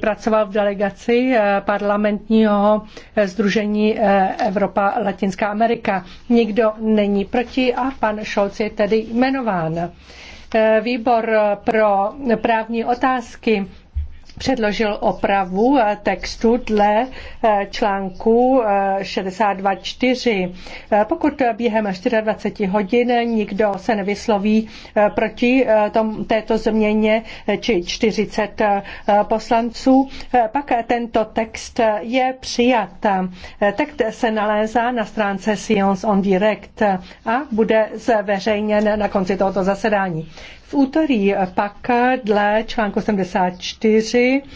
pracoval v delegaci eh, parlamentního Združení eh, eh, Evropa Latinská Amerika. Nikdo není proti a pan Scholz je tedy jmenován. Výbor pro právní otázky předložil opravu eh, textu dle eh, článku 62.4. Eh, pokud během 24 hodin nikdo se nevysloví proti tom, této změně či 40 poslanců, pak tento text je přijat. Text se nalézá na stránce Science on Direct a bude zveřejněn na konci tohoto zasedání. V úterý pak dle článku 74 Děkuji.